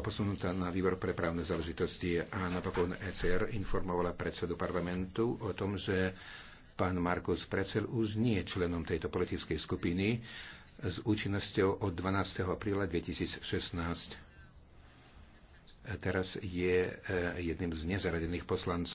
posunutá na výbor pre právne záležitosti a napokon ECR informovala predsedu parlamentu o tom, že pán Markus Precel už nie je členom tejto politickej skupiny s účinnosťou od 12. apríla 2016. Teraz je eh, jedným z nezaradených poslancov.